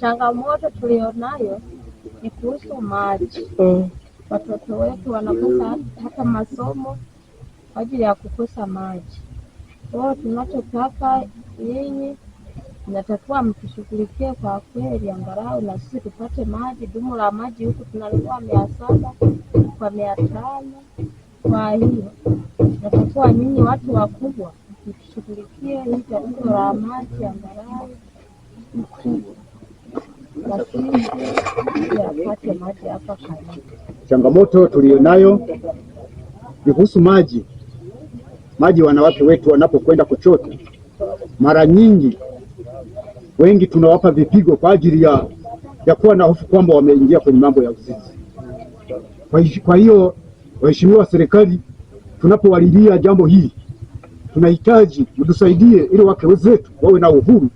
Changamoto tulionayo ni kuhusu maji mm. Watoto wetu wanakosa hata masomo kwa ajili ya kukosa maji. kwao tunachotaka yeye inatakiwa mtushughulikie kwa kweli, angalau na sisi tupate maji. Dumu la maji huku tunalikuwa mia saba kwa mia tano. Kwa hiyo natakiwa nyinyi watu wakubwa mtushughulikie hii tatizo la maji angalau Changamoto tuliyonayo ni kuhusu maji. Maji wanawake wetu wanapokwenda kuchota, mara nyingi wengi tunawapa vipigo kwa ajili ya, ya kuwa na hofu kwamba wameingia kwenye mambo ya uzinzi. Kwa hiyo, waheshimiwa serikali, tunapowalilia jambo hili tunahitaji mtusaidie ili wake wetu wawe na uhuru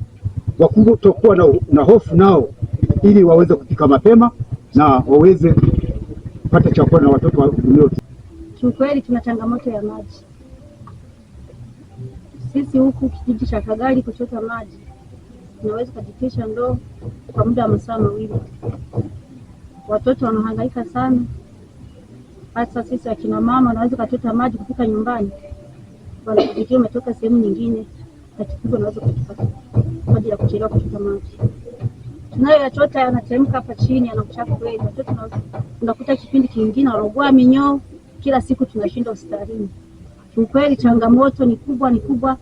wa kutokuwa na, na hofu nao ili waweze kufika mapema na waweze kupata chakula na watoto wa Kiukweli tuna changamoto ya maji sisi huku kijiji cha Kagali, kuchota maji tunaweza kujitisha ndoo kwa muda wa masaa mawili. Watoto wanahangaika sana, hasa sisi akina mama wanaweza kuchota maji kufika nyumbani, wanakujitia umetoka sehemu nyingine, tatizo wanaweza kupata maji ya kuchelewa kuchota maji tunayoyachota yanateremka hapa chini, ana uchafu wengi. Watoto unakuta kipindi kingine wanaugua minyoo, kila siku tunashinda hospitalini. Kiukweli changamoto ni kubwa, ni kubwa.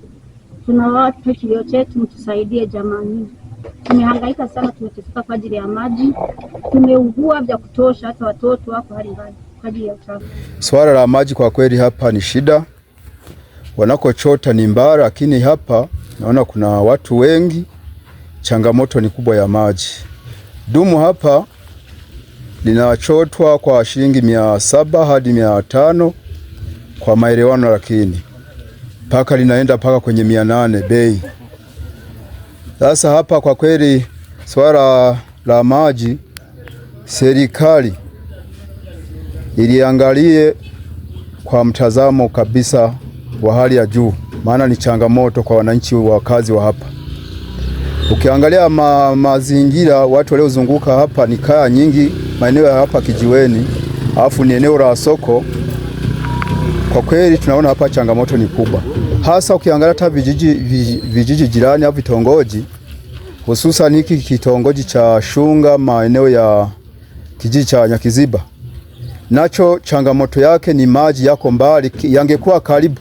Tunawapa kilio chetu, mtusaidie jamani. Tumehangaika sana, tumeteseka kwa ajili ya maji, tumeugua vya kutosha, hata watoto wako hali mbaya kwa ajili ya uchafu. Swala la maji kwa kweli hapa ni shida, wanakochota ni mbaya, lakini hapa naona kuna watu wengi changamoto ni kubwa ya maji. Dumu hapa linachotwa kwa shilingi mia saba hadi mia tano kwa maelewano, lakini paka linaenda mpaka kwenye mia nane bei. Sasa hapa kwa kweli swala la maji serikali iliangalie kwa mtazamo kabisa wa hali ya juu, maana ni changamoto kwa wananchi wakazi wa hapa. Ukiangalia ma, mazingira watu waliozunguka hapa ni kaya nyingi, maeneo ya hapa kijiweni, alafu ni eneo la soko. Kwa kweli tunaona hapa changamoto ni kubwa, hasa ukiangalia hata vijiji, vijiji jirani au vitongoji, hususan hiki kitongoji cha Shunga, maeneo ya kijiji cha Nyakiziba, nacho changamoto yake ni maji yako mbali. Yangekuwa karibu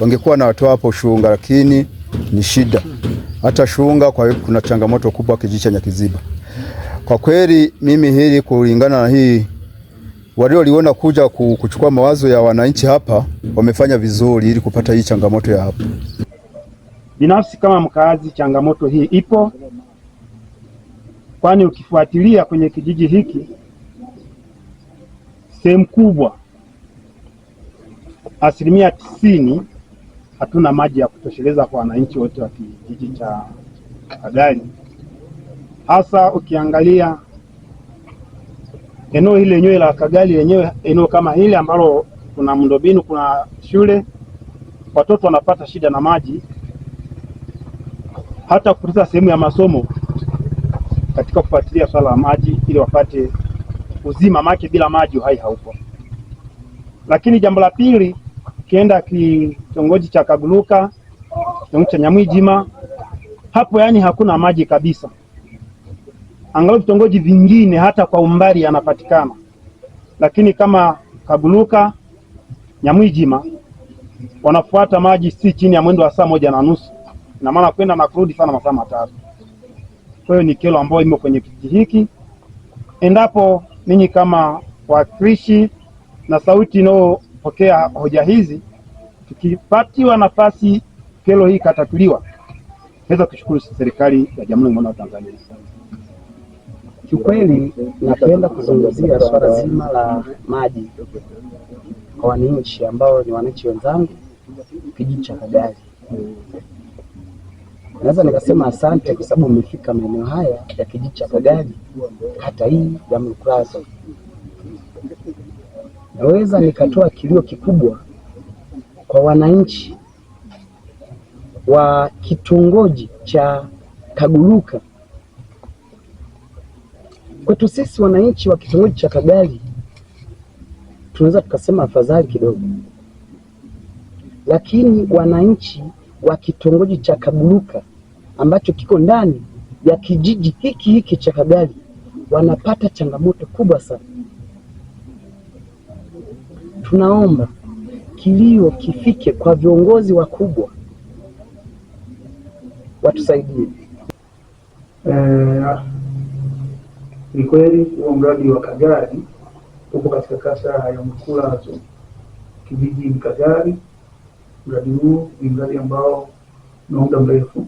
wangekuwa na watu hapo Shunga, lakini ni shida, hata Shunga kwa kuna changamoto kubwa kijiji cha Nyakiziba. Kwa kweli mimi hili kulingana na hii walioliona kuja kuchukua mawazo ya wananchi hapa wamefanya vizuri ili kupata hii changamoto ya hapa. Binafsi kama mkaazi, changamoto hii ipo, kwani ukifuatilia kwenye kijiji hiki sehemu kubwa asilimia tisini hatuna maji ya kutosheleza kwa wananchi wote wa kijiji cha Kagari, hasa ukiangalia eneo hili lenyewe la Kagari lenyewe, eneo kama hili ambalo kuna mundombinu kuna shule, watoto wanapata shida na maji, hata kupoteza sehemu ya masomo katika kufuatilia swala la maji ili wapate uzima, make bila maji uhai haupo. Lakini jambo la pili ukienda kitongoji cha Kaguluka, kitongoji cha Nyamwijima hapo, yani hakuna maji kabisa. Angalau vitongoji vingine hata kwa umbali yanapatikana, lakini kama Kaguluka, Nyamwijima wanafuata maji si chini ya mwendo wa saa moja na nusu, na maana kwenda na kurudi sana masaa matatu. Kwa hiyo ni kero ambayo imo kwenye kijiji hiki. Endapo ninyi kama wakrishi na sauti inayopokea hoja hizi tukipatiwa nafasi kero hii katatuliwa naweza kushukuru serikali ya Jamhuri ya Muungano wa Tanzania. Kiukweli napenda kuzungumzia swala zima la maji kwa wananchi ambao ni wananchi wenzangu kijiji cha Kagali. Naweza nikasema asante kwa sababu umefika maeneo haya ya kijiji cha Kagali, hata hii ya Mlukulazo. Naweza nikatoa kilio kikubwa kwa wananchi wa kitongoji cha Kaguluka. Kwetu sisi wananchi wa kitongoji cha Kagali tunaweza tukasema afadhali kidogo, lakini wananchi wa kitongoji cha Kaguluka ambacho kiko ndani ya kijiji hiki hiki cha Kagali wanapata changamoto kubwa sana. Tunaomba kilio kifike kwa viongozi wakubwa watusaidie. Eh, ni kweli huo mradi wa Kagari upo katika kata ya Mkulazo kijiji kagari Mradi huu ni mradi ambao na muda mrefu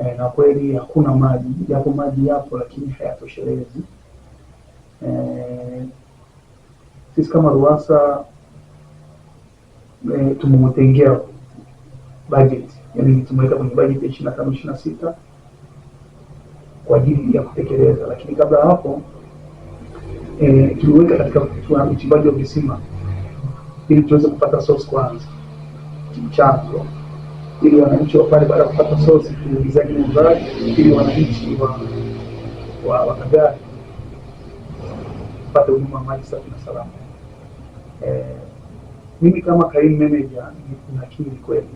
eh, na kweli hakuna maji, japo maji yapo lakini hayatoshelezi. Eh, sisi kama RUWASA Eh, tumemtengea budget yani tumeweka kwenye budget ya ishirini na tano ishirini na sita kwa ajili ya kutekeleza, lakini kabla ya hapo e, tuliweka katika uchimbaji wa visima ili tuweze kupata source kwanza chanzo, ili wananchi wa pale baada ya kupata source tuingizaji mradi, ili wananchi wa wa Wakagari wapate huduma maji safi na salama eh. Mimi kama kaimu manager nakiri kweli,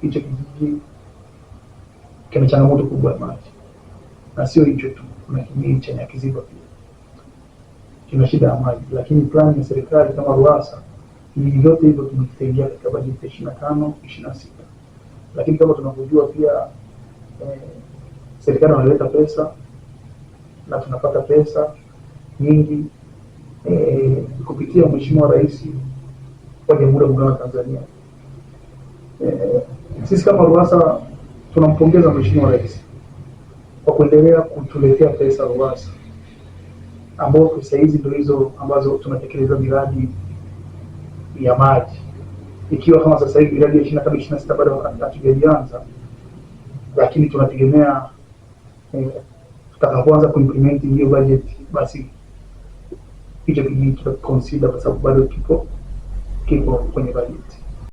hicho kijiji kina changamoto kubwa ya maji, na sio hicho tu, kuna kijiji cha Kiziba pia kina shida ya maji, lakini plani ya serikali kama RUWASA vijiji vyote hivyo tumekitengia katika bajeti ya ishirini na tano ishirini na sita lakini kama tunavyojua pia eh, serikali wanaleta pesa na tunapata pesa nyingi eh, kupitia Mheshimiwa Rais wa Jamhuri ya Muungano wa Tanzania. Eh, sisi kama RUWASA tunampongeza Mheshimiwa Rais kwa kuendelea kutuletea pesa RUWASA, ambao pesa hizi ndio hizo ambazo tunatekeleza miradi ya maji, ikiwa kama sasa hivi miradi ya ishirini na tano ishirini na sita bado hatujaanza, lakini tunategemea eh, tutakapoanza kuimplement hiyo budget basi hicho kijiji tutakonsida kwa sababu bado kipo que com o canibalismo.